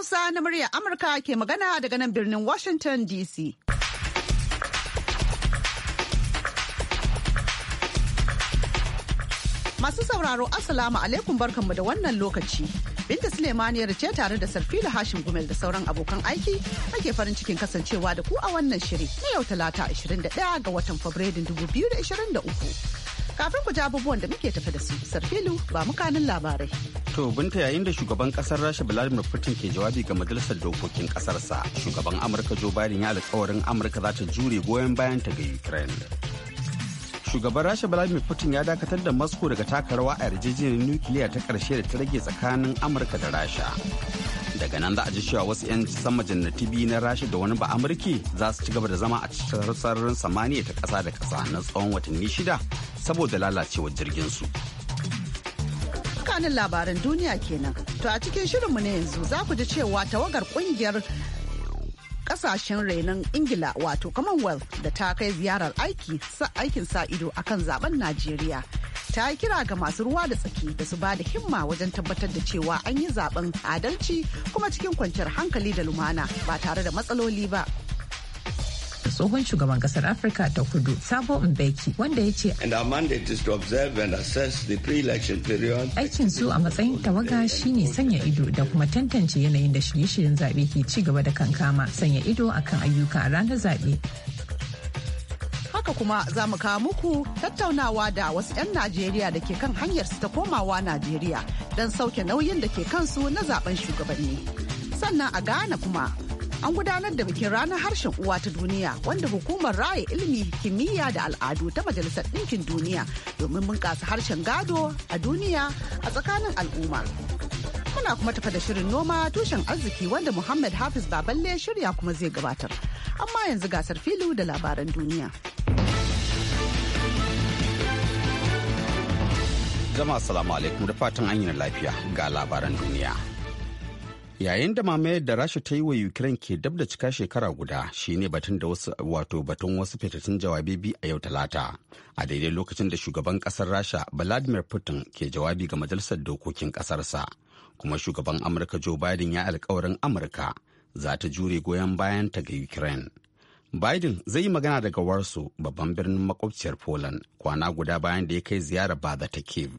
Hausa na murya Amurka ke magana daga nan birnin Washington DC. Masu sauraro Assalamu alaikum barkanmu da wannan lokaci. Binta Sulemaniyar ce tare da Sarfila Hashim Gumel da sauran abokan aiki ake farin cikin kasancewa da ku a wannan shiri na yau talata 21 ga watan Fabrairun 2023. Kafin ku ji abubuwan da muke tafe da su, Sarfilu ba mukanin labarai. To binta yayin da shugaban kasar Rasha Vladimir Putin ke jawabi ga majalisar dokokin kasarsa, shugaban Amurka Joe Biden ya alkawarin Amurka za ta jure goyon bayan ta ga Ukraine. Shugaban Rasha Vladimir Putin ya dakatar da Moscow daga taka rawa a yarjejeniyar nukiliya ta karshe da ta rage tsakanin Amurka da Rasha. daga nan za a ji cewa wasu 'yan sama jannati biyu na rasha da wani ba amurki za su ci gaba da zama a cikin sararin samaniya ta ƙasa da kasa na tsawon watanni shida saboda lalacewar su. Kanin labaran duniya kenan. To a cikin shirin mu na yanzu za ku ji cewa tawagar kungiyar kasashen renon ingila wato commonwealth da ta kai ziyarar aiki sa aikin sa ido akan zaben najeriya ta yi kira ga masu ruwa da tsaki da su ba da himma wajen tabbatar da cewa an yi zaben adalci kuma cikin kwanciyar hankali da lumana ba tare da matsaloli ba tsohon shugaban kasar Afirka ta kudu Sabo Mbeki wanda ya ce aikin su a matsayin tawaga shine sanya ido da kuma tantance yanayin da shirye-shiryen zaɓe ke ci gaba da kankama sanya ido akan ayyuka a ranar zaɓe. haka kuma za mu kawo muku tattaunawa da wasu 'yan Najeriya da ke kan hanyar su ta komawa Najeriya don sauke nauyin da ke kansu na zaben shugabanni. Sannan a Ghana kuma an gudanar da bikin ranar harshen uwa ta duniya wanda hukumar raya ilimi kimiyya da al'adu ta majalisar ɗinkin duniya domin bunƙasa harshen gado a duniya a tsakanin al'umma muna kuma tafa da shirin noma tushen arziki wanda muhammad hafiz baballe shirya kuma zai gabatar amma yanzu gasar filu da labaran duniya jama'a salamu alaikum da fatan an yi lafiya ga labaran duniya yayin da mamayar da rasha ta yi wa ukraine ke dab da cika shekara guda shine batun da wasu wato batun wasu fitattun jawabi a yau talata a daidai lokacin da shugaban kasar rasha vladimir putin ke jawabi ga majalisar dokokin kasarsa kuma shugaban amurka joe biden ya alkawarin amurka za ta jure goyon bayan ta ga ukraine biden zai yi magana daga warsu babban birnin makwabciyar poland kwana guda bayan da ya kai ziyara ba ta kiev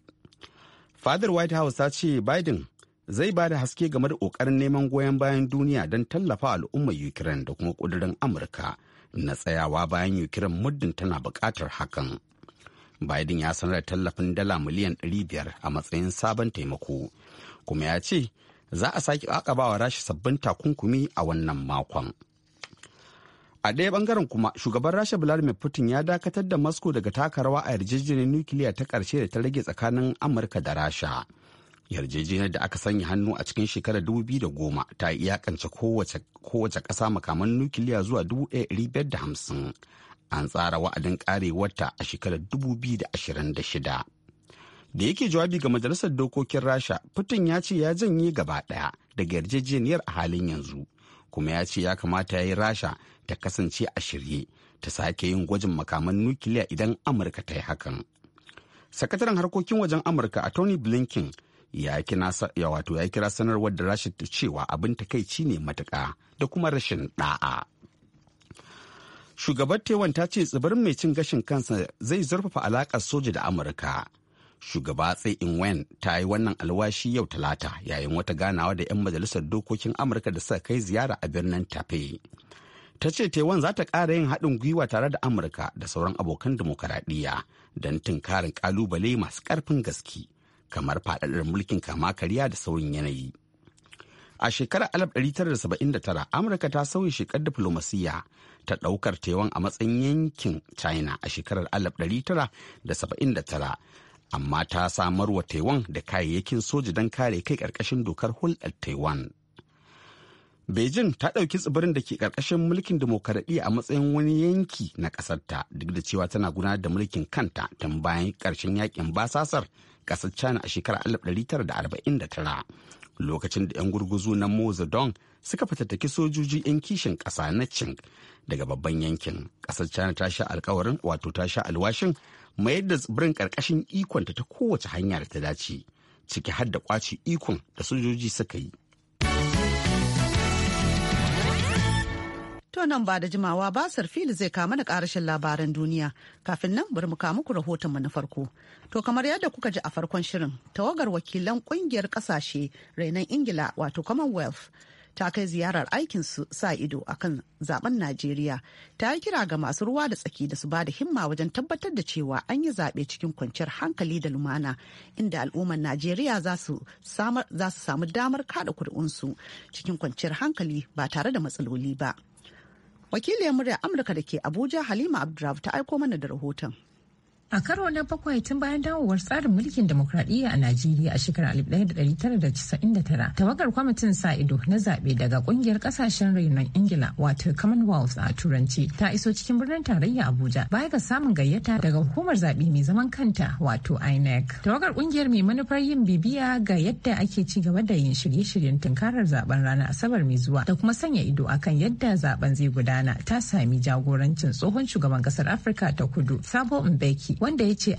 fadar white house ta ce biden zai ba da haske game da ƙoƙarin neman goyon bayan duniya don tallafa al'ummar ukraine da kuma ƙudurin amurka na tsayawa bayan ukraine muddin tana buƙatar hakan biden ya sanar da tallafin dala miliyan 500 a matsayin sabon taimako kuma ya ce za a sake akabawa rashi sabbin takunkumi a wannan makon a ɗaya bangaren kuma shugaban rasha vladimir putin ya dakatar da moscow daga taka a yarjejeniyar nukiliya ta ƙarshe da ta rage tsakanin amurka da rasha yarjejeniyar da aka sanya hannu a cikin shekarar 2010 ta iyakance kowace ƙasa makaman nukiliya zuwa 1,550 an tsara wa'adin karewarta a shekarar 2026 da yake jawabi ga majalisar dokokin rasha putin ya ce ya janye gaba ɗaya daga yarjejeniyar a halin yanzu kuma ya ce ya kamata ya yi rasha ta kasance a shirye ta sake yin gwajin makaman nukiliya idan amurka ta yi hakan sakataren harkokin wajen amurka a tony blinken ya wato kira sanarwar da rashin ta cewa abin takaici ne matuka. da kuma rashin ɗa'a. Shugabar Taiwan ta ce tsibirin mai cin gashin kansa zai zurfafa alaƙar soja da Amurka. Shugaba Tsai in wen ta yi wannan alwashi yau Talata yayin wata ganawa da 'yan majalisar dokokin Amurka da suka kai ziyara a birnin Tafe. ta ce taiwan za ta ƙara yin haɗin gwiwa tare da amurka da sauran abokan dimokuraɗiyya don tunkarin ƙalubale masu ƙarfin gaske kamar faɗaɗar mulkin kama karya da sauyin yanayi. A shekarar 1979 Amurka ta sauya shekar diflomasiyya ta ɗaukar Taiwan a matsayin yankin China a shekarar 1979 amma ta samarwa Taiwan da kayayyakin soja don kare kai ƙarƙashin dokar hulɗar Taiwan. Beijing ta ɗauki tsibirin da ke ƙarƙashin mulkin demokaradiyya a matsayin wani yanki na ƙasarta duk da cewa tana gudanar da mulkin kanta tun bayan ƙarshen yakin basasar ƙasar China a shekarar 1949 lokacin da 'yan gurguzu na Mao Zedong suka fatattaki sojoji 'yan kishin ƙasa na Qing daga babban yankin. Ƙasar China ta sha alkawarin wato ta sha alwashin mayar da tsibirin ƙarƙashin ikonta ta kowace hanya da ta dace ciki har da ƙwace ikon da sojoji suka yi. To nan ba da jimawa ba Sarfili zai kama da karashin labaran duniya kafin nan bari mu kawo rahoton mu na farko. To kamar yadda kuka ji a farkon shirin tawagar wakilan kungiyar kasashe rainon Ingila wato Commonwealth ta kai ziyarar aikin su sa ido akan zaben Najeriya ta yi kira ga masu ruwa da tsaki da su ba da himma wajen tabbatar da cewa an yi zaɓe cikin kwanciyar hankali da lumana inda al'ummar Najeriya za su samu damar kada kuri'unsu cikin kwanciyar hankali ba tare da matsaloli ba. wakiliyar murya amurka da ke abuja halima abdurrahman ta aiko mana da rahoton A karo na bakwai tun bayan dawowar tsarin mulkin demokradiyya a Najeriya a shekarar 1999, tawagar kwamitin sa ido na zaɓe daga ƙungiyar ƙasashen rainon Ingila wato Commonwealth a Turanci ta iso cikin birnin tarayya Abuja baya ga samun gayyata daga hukumar zaɓe mai zaman kanta wato INEC. Tawagar ƙungiyar mai manufar yin bibiya ga yadda ake ci gaba da yin shirye-shiryen tunkarar zaben rana Asabar mai zuwa da kuma sanya ido akan yadda zaben zai gudana ta sami jagorancin tsohon shugaban ƙasar Afirka ta Kudu Sabo Mbeki wanda ya ce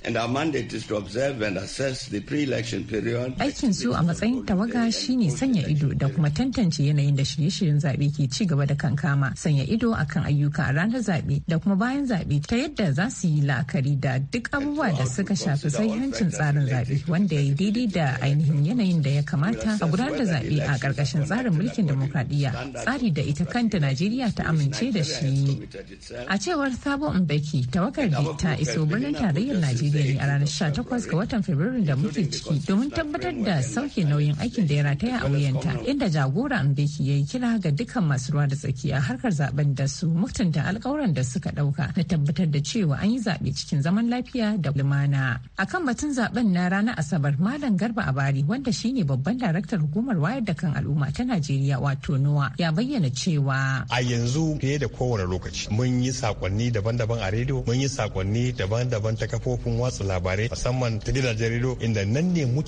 aikin su a matsayin tawaga shine sanya ido da kuma tantance yanayin da shirye-shiryen zaɓe ke ci gaba da kankama sanya ido akan ayyuka a ranar zaɓe da kuma bayan zaɓe ta yadda za su yi la'akari da duk abubuwa da suka shafi sai hancin tsarin zaɓe wanda ya yi daidai da ainihin yanayin da ya kamata a gudanar da zaɓe a ƙarƙashin tsarin mulkin demokradiyya tsari da ita kanta Najeriya ta amince da shi. A cewar sabon Mbeki, tawagar ta iso birnin tarayyar Najeriya ne a ranar 18 ga watan Fabrairu da muke ciki domin tabbatar da sauke nauyin aikin da ya rataya a wuyanta inda jagora Mbeki ya yi kira ga dukkan masu ruwa da tsaki a harkar zaben da su mutunta alkawuran da suka dauka na tabbatar da cewa an yi zaɓe cikin zaman lafiya da lumana. Akan batun zaben na ranar Asabar Malam Garba Abari wanda shine babban daraktar hukumar wayar da kan al'umma ta Najeriya wato NOA ya bayyana cewa a yanzu fiye da kowane lokaci mun yi sakonni daban-daban a rediyo mun yi sakonni daban-daban ta kafofin watsa labarai musamman ta gidajen jarido inda nan ne mu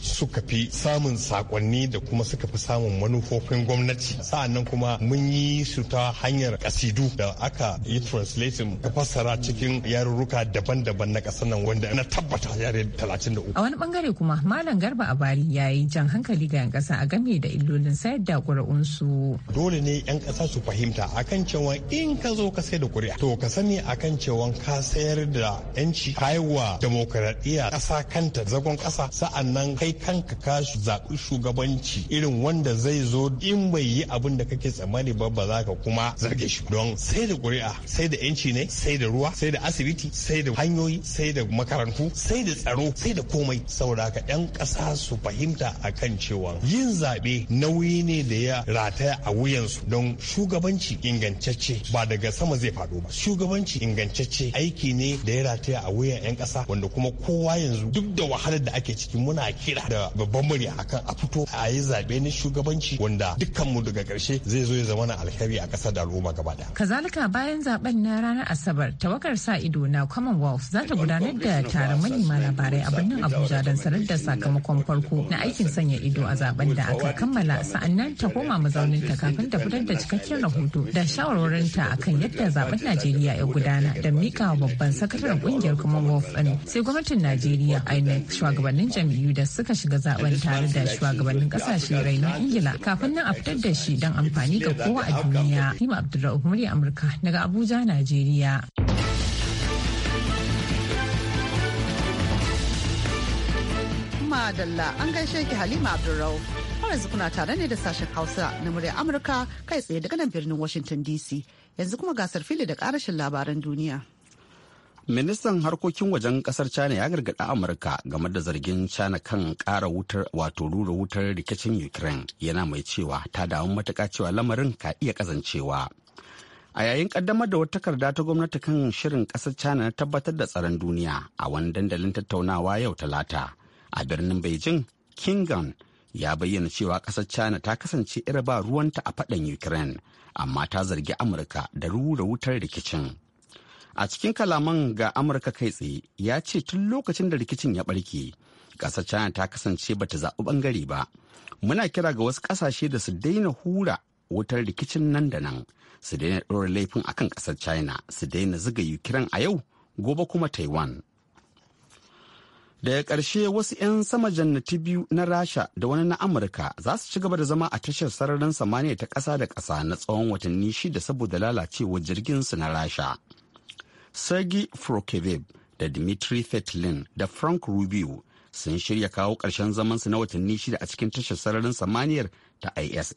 suka fi samun sakonni da kuma suka fi samun manufofin gwamnati nan kuma mun yi su ta hanyar kasidu da aka yi translation ka fassara cikin yarurruka daban-daban na kasar nan wanda na tabbata yare 33 a wani bangare kuma malam garba bari ya yi jan hankali ga 'yan kasa a game da illolin sayar da ƙuri'unsu dole ne 'yan kasa su fahimta akan cewa in ka zo ka sai da kuri'a to ka sani akan cewa ka sayar da 'yan yanci kaiwa demokradiyya ƙasa kanta zagon ƙasa sa'annan kai kanka ka zaɓi shugabanci irin wanda zai zo in bai yi abin da kake tsammani ba ba za ka kuma zarge shi don sai da ƙuri'a sai da yanci ne sai da ruwa sai da asibiti sai da hanyoyi sai da makarantu sai da tsaro sai da komai saboda haka ɗan ƙasa su fahimta a kan cewa yin zaɓe nauyi ne da ya rataya a wuyansu don shugabanci ingantacce ba daga sama zai faɗo ba shugabanci ingantacce aiki ne da ya rataya rataya a wuyan 'yan kasa wanda kuma kowa yanzu duk da wahalar da ake ciki muna kira da babban murya akan a fito a yi zaɓe na shugabanci wanda dukkanmu daga ƙarshe zai zo ya zama na alheri a ƙasar da al'umma gaba ɗaya. Kazalika bayan zaben na ranar Asabar tawagar sa ido na Commonwealth za ta gudanar da taron manema labarai a birnin Abuja don sanar da sakamakon farko na aikin sanya ido a zaben da aka kammala sa'annan ta koma mazaunin ta kafin ta fitar da cikakken rahoto da shawarwarinta akan yadda zaben Najeriya ya gudana da mika babban sakataren kungiyar commonwealth din sai gwamnatin najeriya inec shugabannin jam'iyyu da suka shiga zaben tare da shugabannin kasashe rainon ingila kafin nan a fitar da shi don amfani ga kowa a duniya hima abdulrahman murya amurka daga abuja najeriya Madalla an gaishe ki Halima Abdulrau. Har yanzu kuna tare ne da sashen Hausa na murya Amurka kai tsaye daga nan birnin Washington DC. Yanzu kuma gasar fili da karashin labaran duniya. ministan harkokin wajen kasar china ya gargaɗa amurka game da zargin china kan ƙara wutar wato rura wutar rikicin ukraine yana mai cewa ta damu matuƙa cewa lamarin ka iya kazancewa a yayin kaddamar da wata takarda ta gwamnati kan shirin kasar china na tabbatar da tsaron duniya a wani dandalin tattaunawa yau talata a birnin beijing kingan ya bayyana cewa ƙasar china ta kasance ba ruwanta a faɗan ukraine amma ta zargi amurka da rura wutar rikicin a cikin kalaman ga amurka kai tsaye ya ce tun lokacin da rikicin ya barke ƙasar china ta kasance bata zaɓi ɓangare ba muna kira ga wasu ƙasashe da su daina hura wutar rikicin nan da nan su daina ɗora laifin akan ƙasar china su daina ziga yukiran a yau gobe kuma taiwan daga ƙarshe wasu 'yan sama jannati biyu na rasha da wani na amurka za su ci gaba da zama a tashar sararin samaniya ta ƙasa da ƙasa na tsawon watanni shida saboda lalacewar jirgin su na rasha sergi frokeveb da dimitri fetlin da frank rubio sun shirya kawo ƙarshen zamansu na watanni shida a cikin tashar sararin samaniyar ta iss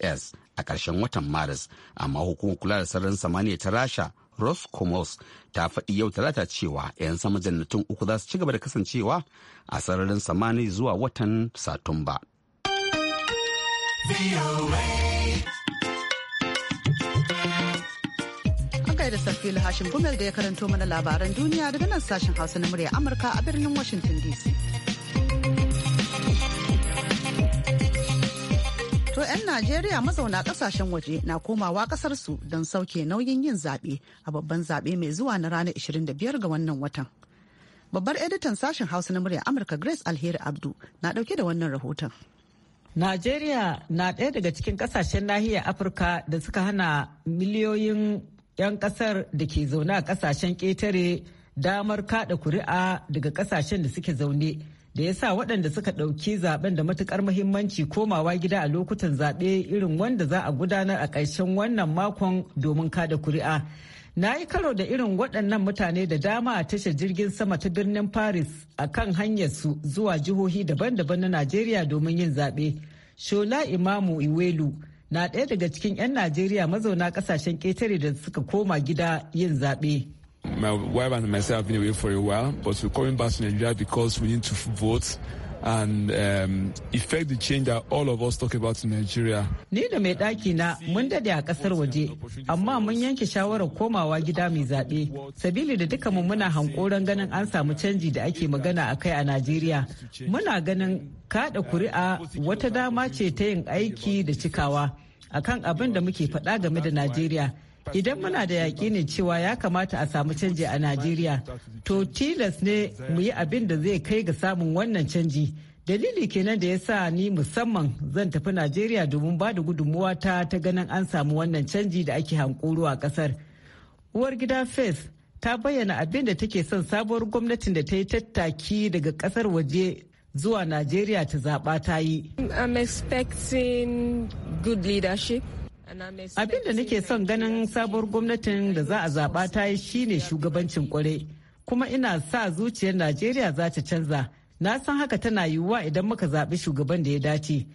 a ƙarshen watan maris amma hukumar kula da sararin samaniya ta rasha roscomos ta faɗi yau talata cewa 'yan sama jannatin uku za su ci gaba da kasancewa a sararin samaniya zuwa watan satumba. da Safilu Hashim Gumel da ya karanto mana labaran duniya daga nan sashen Hausa na murya Amurka a birnin Washington DC. To 'yan Najeriya mazauna kasashen waje na komawa kasarsu don sauke nauyin yin zaɓe a babban zaɓe mai zuwa na ranar 25 ga wannan watan. Babbar editan sashen Hausa na murya Amurka Grace Alheri Abdu na ɗauke da wannan rahoton. Najeriya na ɗaya daga cikin ƙasashen nahiyar Afirka da suka hana miliyoyin 'yan kasar da ke zaune a kasashen ƙetare damar kada kuri'a daga kasashen da suke zaune da ya sa waɗanda suka ɗauki zaben da matukar muhimmanci komawa gida a lokutan zaɓe irin wanda za a gudanar a ƙarshen wannan makon domin kada kuri'a. Na yi karo da irin waɗannan mutane da dama a tashar jirgin sama ta birnin Paris a kan hanyarsu zuwa jihohi daban-daban na Najeriya domin yin zaɓe. Shola Imamu Iwelu na ɗaya daga cikin 'yan Najeriya mazauna kasashen ƙetare da suka koma gida yin zaɓe. My wife and myself have been away for a while, but we're coming back to Nigeria because we need to vote and um, effect the change that all of us talk about in Nigeria. Ni da mai ɗaki na mun dade a ƙasar waje, amma mun yanke shawarar komawa gida mai zaɓe. Sabili da duka mu muna hankoron ganin an samu canji da ake magana a kai a Najeriya. Muna ganin kaɗa kuri'a wata dama ce ta yin aiki da cikawa akan abin da muke faɗa game da Najeriya. Idan muna da yaƙi ne cewa ya kamata a samu canji a Najeriya, to tilas ne mu yi abin da zai kai ga samun wannan canji. Dalili kenan da ya sa ni musamman zan tafi Najeriya domin ba da gudunmuwa ta ta ganin an samu wannan canji da ake hankuru a ƙasar. Uwar gida fes ta bayyana abin da take son sabuwar gwamnatin da ta yi tattaki daga ƙasar waje zuwa Najeriya ta zaɓa ta yi. I'm expecting good leadership. Abin da nake son ganin sabuwar gwamnatin da za a zaba ta yi shine shugabancin kwarai. Kuma ina sa zuciyar Najeriya za ta canza. Na san haka tana yiwuwa idan muka zaɓi shugaban da ya dace.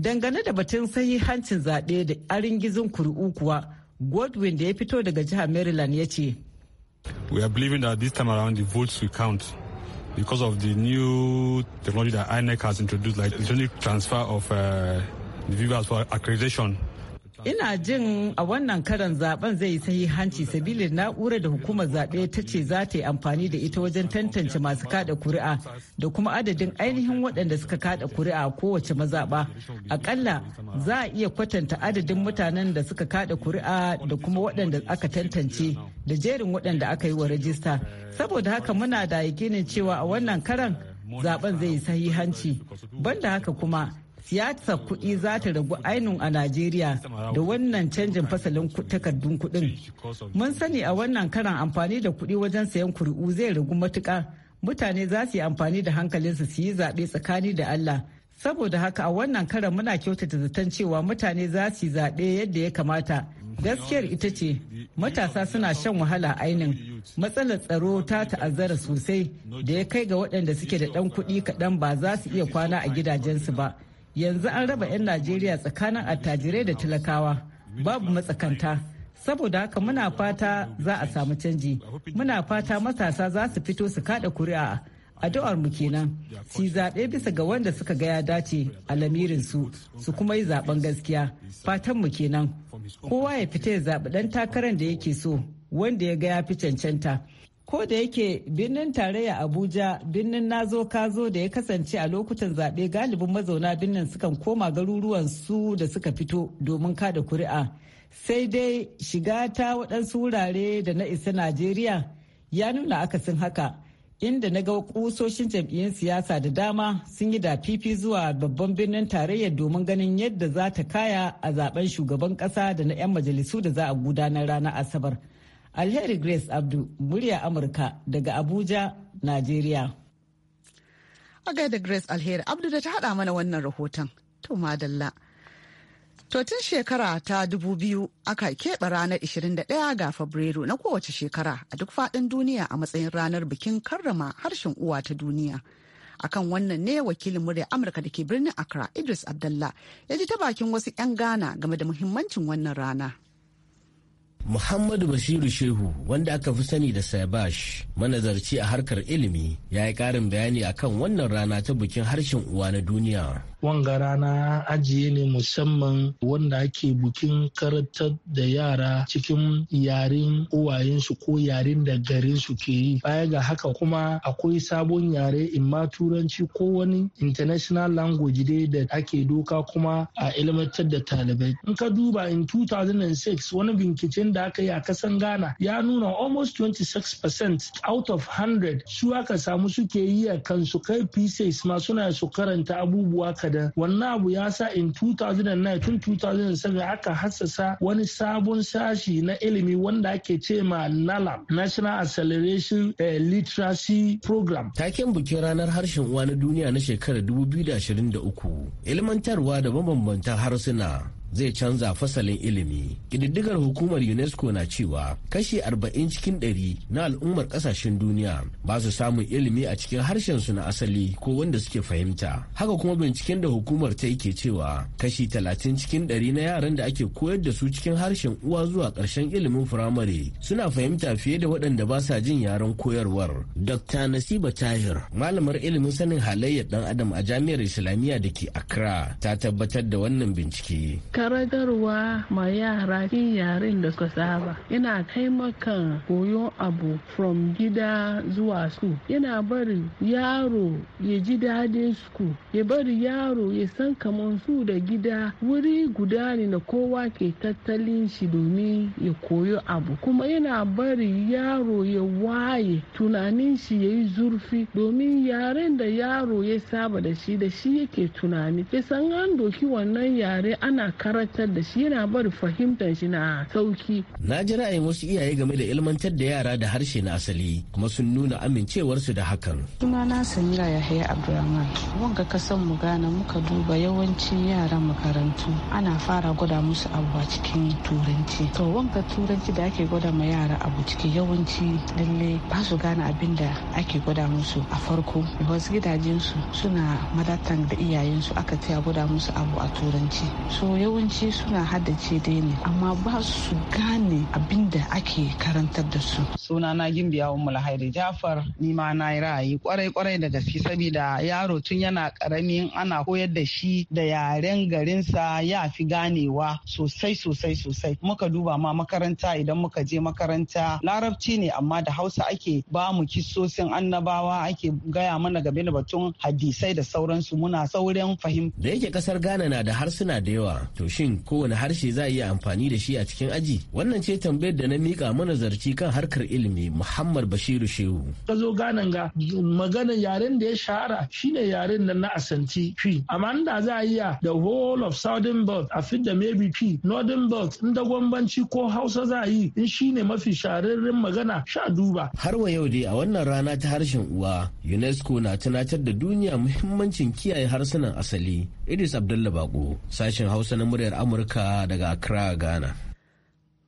Dangane da batun hancin zaɓe da arin aringizin kuri'u kuwa, Godwin da ya fito daga jihar Maryland ya ce. We are believing that this time around the votes will count. because of the new technology that INEC has introduced, like electronic transfer of uh, the for accreditation. Ina jin a wannan karan zaben zai yi hanci sabili na'urar da hukumar zaɓe ta ce za ta yi amfani da ita wajen tantance masu kada kuri'a da kuma adadin ainihin waɗanda suka kada kuri'a kowace mazaɓa. Akalla za a iya kwatanta adadin mutanen da suka kada kuri'a da kuma waɗanda aka tantance da jerin waɗanda aka yi wa rajista. Saboda haka muna da yakinin cewa a wannan karan zaben zai yi sahihanci. Banda haka kuma siyasar kuɗi za ta ragu ainihin a Najeriya da wannan canjin fasalin takardun kuɗin. Mun sani a wannan karan amfani da kuɗi wajen sayan kuri'u zai ragu matuka Mutane za su yi amfani da hankalinsu su yi zaɓe tsakani da Allah. Saboda haka a wannan karan muna kyautata zaton cewa mutane za su yi zaɓe yadda ya kamata. Gaskiyar ita ce matasa suna shan wahala ainin matsalar tsaro ta ta'azzara sosai da ya kai ga waɗanda suke da ɗan kuɗi kaɗan ba za su iya kwana a gidajensu ba. yanzu an raba 'yan najeriya tsakanin attajirai da talakawa babu matsakanta saboda haka muna fata za a samu canji muna fata matasa za su fito su kada kuri'a addu'ar mu kenan su zaɓe bisa ga wanda suka ga ya dace a lamirin su su kuma yi zaben gaskiya fatan mu kenan kowa ya fita ya zaɓi ɗan takarar da yake so wanda ya ga ya fi cancanta ko da yake birnin tarayya abuja birnin nazo kazo da ya kasance a lokutan zaɓe galibin mazauna birnin sukan koma garuruwan su da suka fito domin kada kuri'a sai dai shiga ta waɗansu wurare da na isa najeriya ya nuna akasin haka inda na ga kusoshin jam'iyyun siyasa da dama sun yi da zuwa babban birnin tarayyar domin ganin yadda za ta kaya a zaben shugaban kasa da na 'yan majalisu da za a gudanar ranar asabar Alheri Grace Abdu, murya Amurka daga Abuja, Najeriya. A da Grace Alheri Abdu da ta haɗa mana wannan rahoton. To madalla. To tun shekara ta dubu biyu aka keɓe ranar 21 ga Fabrairu na kowace shekara a duk faɗin duniya a matsayin ranar bikin karrama harshen uwa ta duniya. akan wannan ne wakilin murya amurka da ke birnin accra idris abdallah ya ji ta bakin wasu 'yan ghana game da muhimmancin wannan rana Muhammadu Bashiru Shehu wanda aka fi sani da Sabash manazarci a harkar ilimi ya yi ƙarin bayani akan wannan rana ta bikin harshen uwa na duniya. wanga rana ajiye ne musamman wanda ake bukin karantar da yara cikin yaren uwayensu ko yaren da garinsu ke yi baya ga haka kuma akwai sabon yare in ma turanci ko wani international language dai da ake doka kuma a ilmantar da talibai in ka duba in 2006 wani binkicin da aka yi a kasan ghana ya nuna almost 26% out of 100 su aka samu suke yi a kansu kai pieces ma suna su karanta abubuwa ka Wanne wannan abu ya sa in 2009 tun 2007 aka hassasa wani sabon sashi na ilimi wanda ake ce ma nala National Acceleration eh, Literacy Program. Taken bikin ranar harshen uwa na duniya na shekarar 2023 ilmantarwa da mabambantan harsuna zai canza fasalin ilimi. Ƙididdigar hukumar UNESCO na cewa kashi arba'in cikin 100 na al'ummar ƙasashen duniya ba su samun ilimi a cikin harshen su na asali ko wanda suke fahimta. Haka kuma binciken da hukumar ta ke cewa kashi talatin cikin 100 na yaran da ake koyar da su cikin harshen uwa zuwa ƙarshen ilimin firamare suna fahimta fiye da waɗanda ba sa jin yaren koyarwar. Dr. Nasiba Tahir, malamar ilimin sanin halayyar ɗan adam a jami'ar Islamiyya da ke Accra, ta tabbatar da wannan bincike. karagarwa ma yara kin yaren da suka saba yana taimaka koyo abu from gida zuwa su yana bari yaro ya ji dadin su ya bari yaro ya san kamar su da gida wuri guda ne da kowa ke tattalin shi domin ya koyo abu kuma yana bari yaro ya waye tunanin shi ya yi zurfi domin yaren da yaro ya saba da shi da shi yake tunani ya san an doki wannan yare ana karantar da shi yana bar fahimtar shi na sauki. Na ji ra'ayin wasu iyaye game da ilmantar da yara da harshe na asali kuma sun nuna amincewarsu da hakan. na Samira Yahaya Abdulrahman. Wanga kasan mu gana muka duba yawancin yaran makarantu ana fara gwada musu abu a cikin turanci. To wanga turanci da ake gwada ma yara abu cikin yawanci lalle ba su gane abin da ake gwada musu a farko. Wasu gidajensu suna madatan da iyayensu aka taya gwada musu abu a turanci. So yawanci yawanci suna haddace dai ne amma ba su gane abin da ake karantar da su na gimbiya ummul hairi jafar ni ma na yi ra'ayi kwarai kwarai da gaske saboda yaro tun yana karamin ana koyar da shi da yaren garinsa ya fi ganewa sosai sosai sosai muka duba ma makaranta idan muka je makaranta larabci ne amma da hausa ake ba mu kisosin annabawa ake gaya mana game da batun hadisai da sauransu muna saurin fahimta da yake kasar ghana na da harsuna da yawa to shin kowane harshe za a iya amfani da shi a cikin aji wannan ce tambayar da na mika mana zarci kan harkar ilimi muhammad bashiru shehu ka zo ganan ga magana yaren da ya shahara shine yaren nan na asanti p amma da za a iya the whole of southern belt a fit da maybe p northern belt in da gwambanci ko hausa za a yi in shine mafi shahararren magana sha duba har wa yau dai a wannan rana ta harshen uwa unesco na tunatar da duniya muhimmancin kiyaye harsunan asali idris abdullahi bako sashen hausa na muryar Amurka daga Accra, Ghana.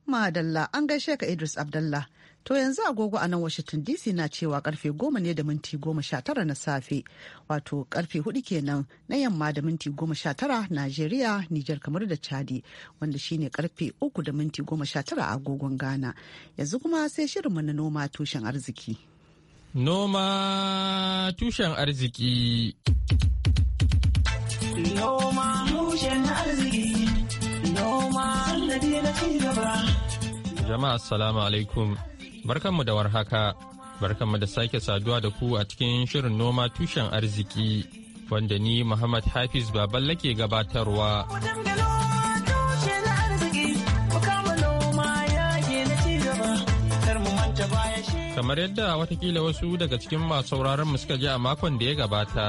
Madalla an gaishe ka Idris Abdallah. To yanzu agogo a nan Washington DC na cewa karfe goma ne da minti goma sha tara na safe, wato karfe hudu kenan na yamma da minti goma sha tara Najeriya, Nijar kamar da Chadi, wanda shine karfe uku da minti goma sha tara agogon Ghana. Yanzu kuma sai shirinmu na noma tushen arziki. Noma tushen arziki. Noma tushen arziki. jama'a assalamu alaikum barkanmu da warhaka barkanmu da sake saduwa da ku a cikin shirin noma tushen arziki wanda ni muhammad hafiz baballe ke gabatarwa kamar yadda watakila wasu daga cikin masu mu suka ji a makon da ya gabata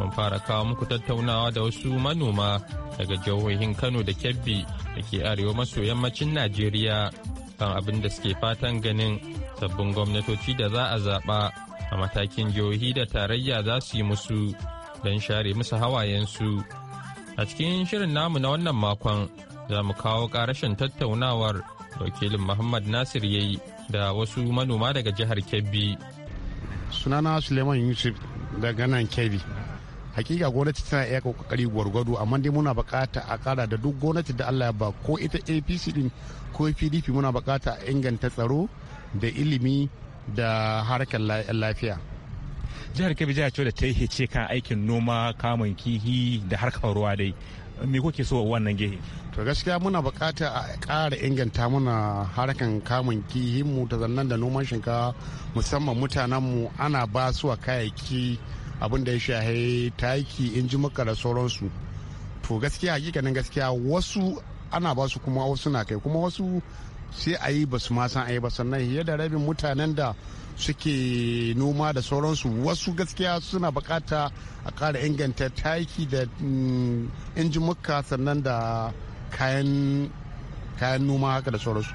mun fara kawo muku tattaunawa da wasu manoma daga jihohin Kano da Kebbi da ke arewa maso yammacin Najeriya kan abin da suke fatan ganin sabbin gwamnatoci da za a zaɓa a matakin jihohi da tarayya za su yi musu don share musu hawayensu. A cikin shirin namu na wannan makon za mu kawo ƙarashin tattaunawar wakilin Muhammad Nasir ya yi da wasu manoma daga jihar Kebbi. Sunana Suleiman Yusuf daga nan Kebbi. hakika gwamnati tana iya kokari gwargwado amma dai muna bukata a kara da duk gwamnati da Allah ya ba ko ita APC din ko PDP muna bukata a inganta tsaro da ilimi da harkar lafiya jihar kebbi jiha ce da ta yi kan aikin noma kamun kihi da harkar ruwa dai me kuke so wannan gehe to gaskiya muna bukata a ƙara inganta muna harkan kamun mu ta zannan da noman shinkafa musamman mutanen mu ana ba su kayayyaki abin da ya shahe taki maka da sauransu to gaskiya hakikanin gaskiya wasu ana ba su kuma wasu na kai kuma wasu sai a yi ba su ma san a yi ba sannan fiye da rabin mutanen da suke noma da sauransu wasu gaskiya suna bukata a kara inganta taki da mm, injimuka sannan da kayan noma haka da sauransu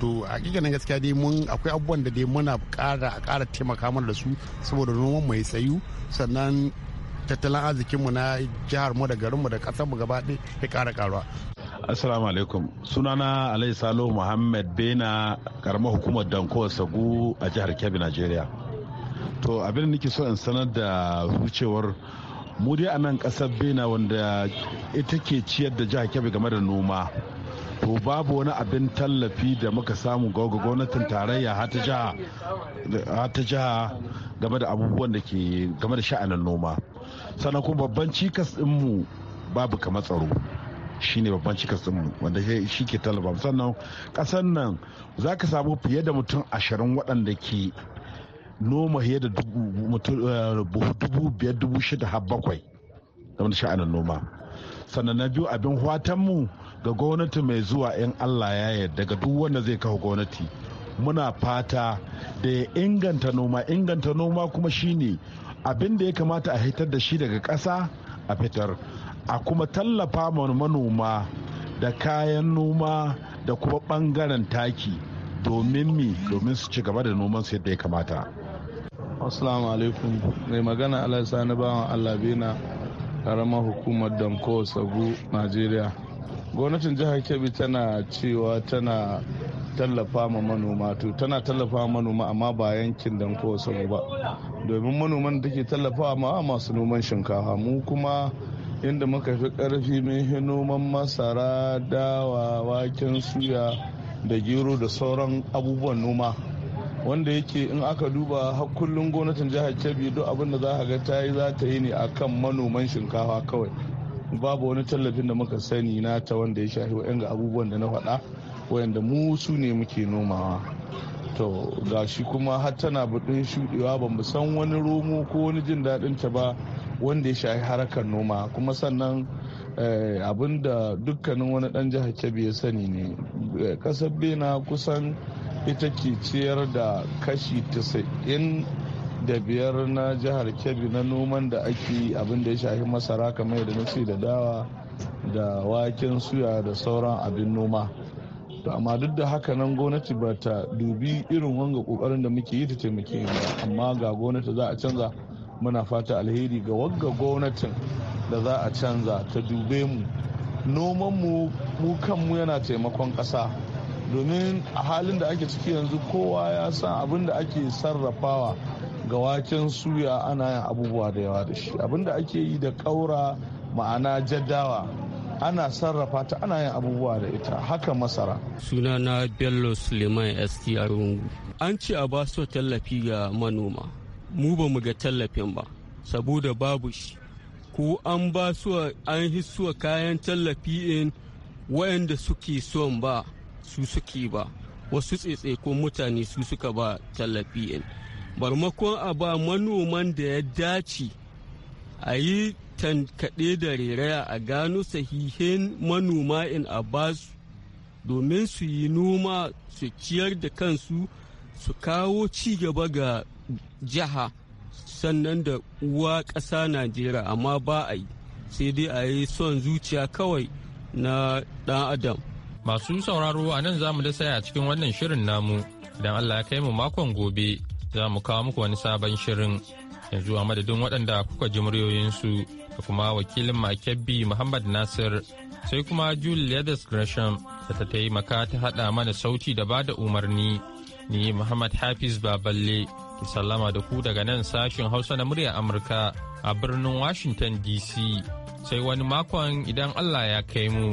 to a hakikanin gaskiya dai mun akwai abubuwan da dai muna kara kara taimaka mana da su saboda noman mai tsayu sannan tattalin arzikinmu na jihar mu da garinmu da mu gaba ɗaya ya kara karuwa Assalamu alaikum. Sunana Alai Salo Muhammad Bena karamar hukumar Danko Sagu a jihar Kebbi, Najeriya. To abin da nake so in sanar da wucewar mu dai a nan kasar Bena wanda ita ke ciyar da jihar Kebbi game da noma. to babu wani abin tallafi da muka samu ga gwamnatin tarayya hata ta jiha game da abubuwan da ke game da sha'anin noma sannan kuma babban cikas mu babu kamar tsaro ne babban cikas mu wanda shi ke tallafa sannan kasan nan za ka samu fiye da mutum ashirin waɗanda ke noma fiye da dubu eh, biyar dubu shida har bakwai game da sha'anin noma sannan na biyu abin mu ga gwamnati mai zuwa yan allah ya yarda ga duk wanda zai kawo gwamnati muna fata da ya inganta noma inganta noma kuma shine abin da ya kamata a hitar da shi daga kasa a fitar a kuma tallafa manoma da kayan noma da kuma bangaren taki domin mi domin su ci gaba da noman su yadda ya kamata assalamu alaikum mai magana alaisa na bawan allah bena karamar hukumar damko sagu najeriya gwamnatin jihar kebbi tana cewa tana tallafa ma manoma to tana tallafa manoma amma ba yankin dan kowace ba domin manoman da ke tallafa ma masu noman shinkafa mu kuma inda muka fi karfi mun noman masara dawa waken suya da gero da sauran abubuwan noma wanda yake in aka duba har kullum gwamnatin jihar kebbi duk abin da za ga ta yi za ta yi ne akan manoman shinkafa kawai babu wani tallafin da muka sani na ta wanda ya shafi ga abubuwan da na faɗa wa'yanda mu su ne muke nomawa to ga shi kuma har tana buɗin shuɗewa ba mu san wani romo ko wani jin daɗin ta ba wanda ya shafi harkar noma kuma sannan eh, abin da dukkanin wani ɗan jihar kebbi ya sani ne eh, ƙasar bena kusan ita ke ciyar da kashi 90 da biyar na jihar kebbi na noman da ake abin da ya shafi masara kamar yadda nasi da dawa da waken suya da sauran abin noma to amma duk da haka nan gwamnati ba ta dubi irin wanga kokarin da muke yi ta taimake ba amma ga gwamnati za a canza muna fata alheri ga wagga gwamnatin da za a canza ta dube mu noman mu mu kanmu yana taimakon kasa domin a halin da ake ciki yanzu kowa ya san abin da ake sarrafawa ga waken suya ana yin abubuwa da yawa da shi abinda ake yi da ƙaura ma'ana jaddawa ana sarrafa ta ana yin abubuwa da ita haka masara suna na bello suleiman str an ce a ba su tallafi ga manoma mu ba mu ga tallafin ba saboda babu shi ko an ba su an hisuwa kayan tallafi in wayanda suke son ba su suke ba wasu tsetse ko mutane su suka ba tallafi in barmakon a ba manoman da ya dace a yi tankaɗe da reraya a gano sahihin manoma in a su domin su yi noma su ciyar da kansu su kawo ci gaba ga jiha sannan da uwa ƙasa najeriya amma ba a yi sai dai a yi son zuciya kawai na ɗan adam masu sauraro a nan za mu da saya cikin wannan shirin namu don allah ya kai mu makon gobe za mu kawo muku wani sabon shirin yanzu a madadin waɗanda kuka ji muryoyinsu da kuma wakilin makebbi Muhammad Nasir sai kuma Julius Gresham da ta taimaka ta haɗa mana sauti da bada umarni ni Muhammad Hafiz Baballe ki sallama da ku daga nan sashin Hausa na murya Amurka a birnin Washington DC sai wani makon idan Allah ya kai mu.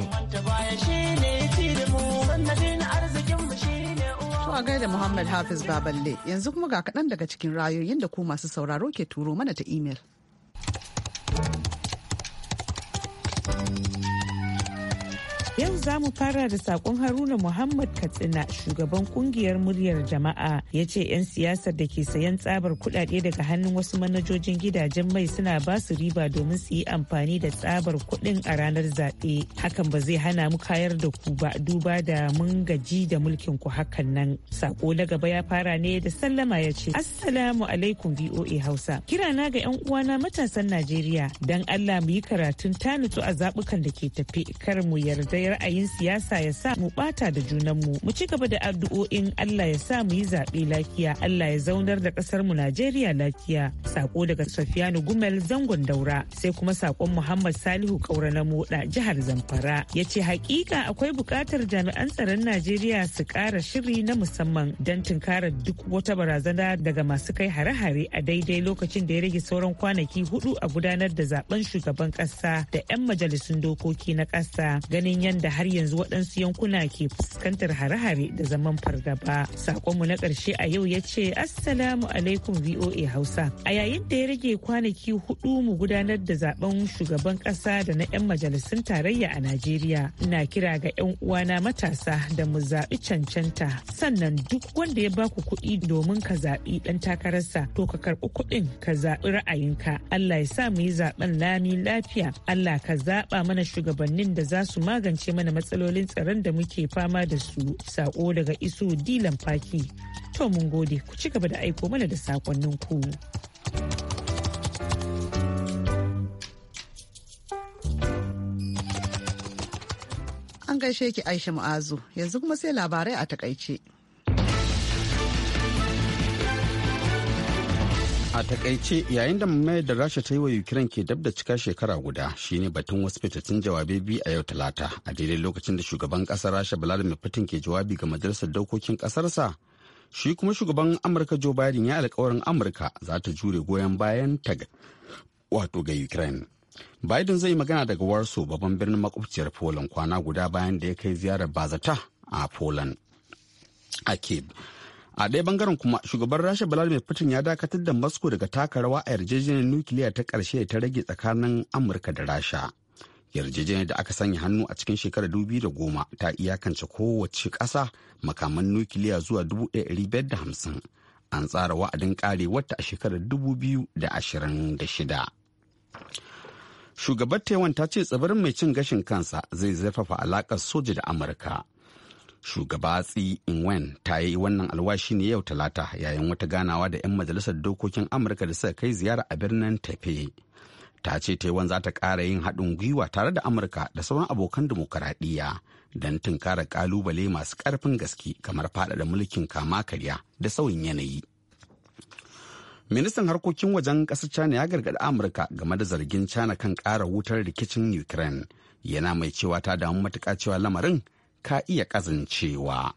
a gaida Muhammad Hafiz Baballe yanzu kuma ga kaɗan daga cikin rayoyin da ku masu sauraro ke turo mana ta imel. za mu fara da sakon Haruna Muhammad Katsina shugaban kungiyar muryar jama'a ya ce 'yan siyasar da ke sayan tsabar kudade daga hannun wasu manajojin gidajen mai suna ba su riba domin su yi amfani da tsabar kudin a ranar zaɓe. Hakan ba zai hana mu kayar da ku ba duba da mun gaji da mulkin ku hakan nan. Sako na gaba ya fara ne da sallama ya ce Assalamu alaikum VOA Hausa. Kirana ga 'yan uwana matasan Najeriya don Allah mu yi karatun tanutu a zaɓukan da ke tafi kar mu yarda ra'ayi ra'ayin siyasa ya sa mu bata da junan mu ci gaba da addu'o'in Allah ya sa mu yi zaɓe lafiya Allah ya zaunar da ƙasar mu Najeriya lafiya sako daga Sofiyanu Gumel zangon daura sai kuma sakon Muhammad Salihu Kaura na moda jihar Zamfara ya ce hakika akwai buƙatar jami'an tsaron Najeriya su ƙara shiri na musamman don tunkarar duk wata barazana daga masu kai hare-hare a daidai lokacin da ya rage sauran kwanaki hudu a gudanar da zaben shugaban ƙasa da 'yan majalisun dokoki na ƙasa ganin yadda har har yanzu waɗansu yankuna ke fuskantar hare-hare da zaman fargaba. Sakonmu na ƙarshe a yau ya ce Assalamu alaikum VOA Hausa. A yayin da ya rage kwanaki hudu mu gudanar da zaben shugaban ƙasa da na 'yan majalisun tarayya a Najeriya. Ina kira ga 'yan uwana matasa da mu zaɓi cancanta. Sannan duk wanda ya baku kuɗi domin ka zaɓi ɗan takararsa to ka karɓi kuɗin ka zaɓi ra'ayinka. Allah ya sa mu yi zaɓen lami lafiya. Allah ka zaɓa mana shugabannin da za su magance mana matsalolin tsaron da muke fama da su sako daga iso dilan faki to mun gode ku ci gaba da aiko mana da sakonnin ku an gaishe ki aisha ma'azu yanzu kuma sai labarai a takaice a takaice yayin da mamayar da rasha ta yi wa ukraine ke dab da cika shekara guda shine batun wasu fitattun jawabe biyu a yau talata a daidai lokacin da shugaban kasar rasha vladimir putin ke jawabi ga majalisar dokokin kasarsa shi kuma shugaban amurka joe biden ya alkawarin amurka za ta jure goyon bayan ta wato ga ukraine biden zai magana daga warso babban birnin makwabciyar poland kwana guda bayan da ya kai ziyarar bazata a poland a kiev a ɗaya bangaren kuma shugaban rasha vladimir putin ya dakatar da moscow daga taka rawa a yarjejeniyar nukiliya ta ƙarshe ta rage tsakanin amurka da rasha yarjejeniyar da aka sanya hannu a cikin shekarar goma ta iyakance kowace ƙasa makaman nukiliya zuwa 1550 an tsara wa'adin wata a shekarar 2026 shugabar taiwan ta ce tsibirin mai cin gashin kansa zai zafafa alakar soja da amurka shugaba tsi inwen ta yi wannan alwashi ne yau talata yayin wata ganawa da 'yan majalisar dokokin amurka da suka kai ziyara a birnin tafe ta ce taiwan za ta ƙara yin haɗin gwiwa tare da amurka da sauran abokan dimokuraɗiyya don tunkara ƙalubale masu ƙarfin gaske kamar faɗaɗa mulkin kama karya da sauyin yanayi ministan harkokin wajen ƙasar china ya gargaɗi amurka game da zargin china kan ƙara wutar rikicin ukraine yana mai cewa ta damu matuƙa cewa lamarin ka iya kazancewa.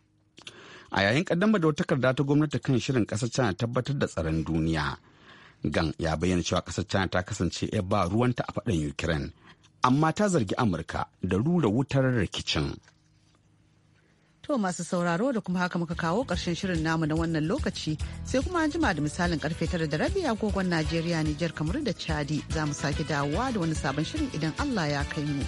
A yayin ƙaddamar da wata karda ta gwamnati kan shirin ƙasar China tabbatar da tsaron duniya. Gan ya bayyana cewa ƙasar China ta kasance ya ba ruwanta a faɗin Ukraine, amma ta zargi Amurka da rura wutar rikicin. To masu sauraro da kuma haka muka kawo ƙarshen shirin namu na wannan lokaci sai kuma an jima da misalin karfe tara da rabi agogon Najeriya Nijar kamar da Chadi za mu sake dawowa da wani sabon shirin idan Allah ya kai mu.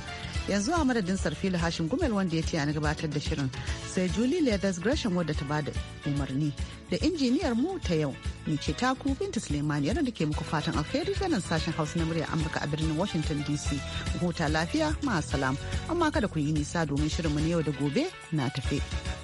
yanzu a madadin sarfilu hashin gumel wanda ya ce na gabatar da shirin sai julie leathers gresham wadda ta bada umarni da injiniyar mu ta yau ni ce ku binta suleiman yana da ke muku fatan alheri ta sashen hausa na murya amurka a birnin washington dc huta lafiya ma salam amma kada ku yi nisa domin shirinmu na yau da gobe na tafe.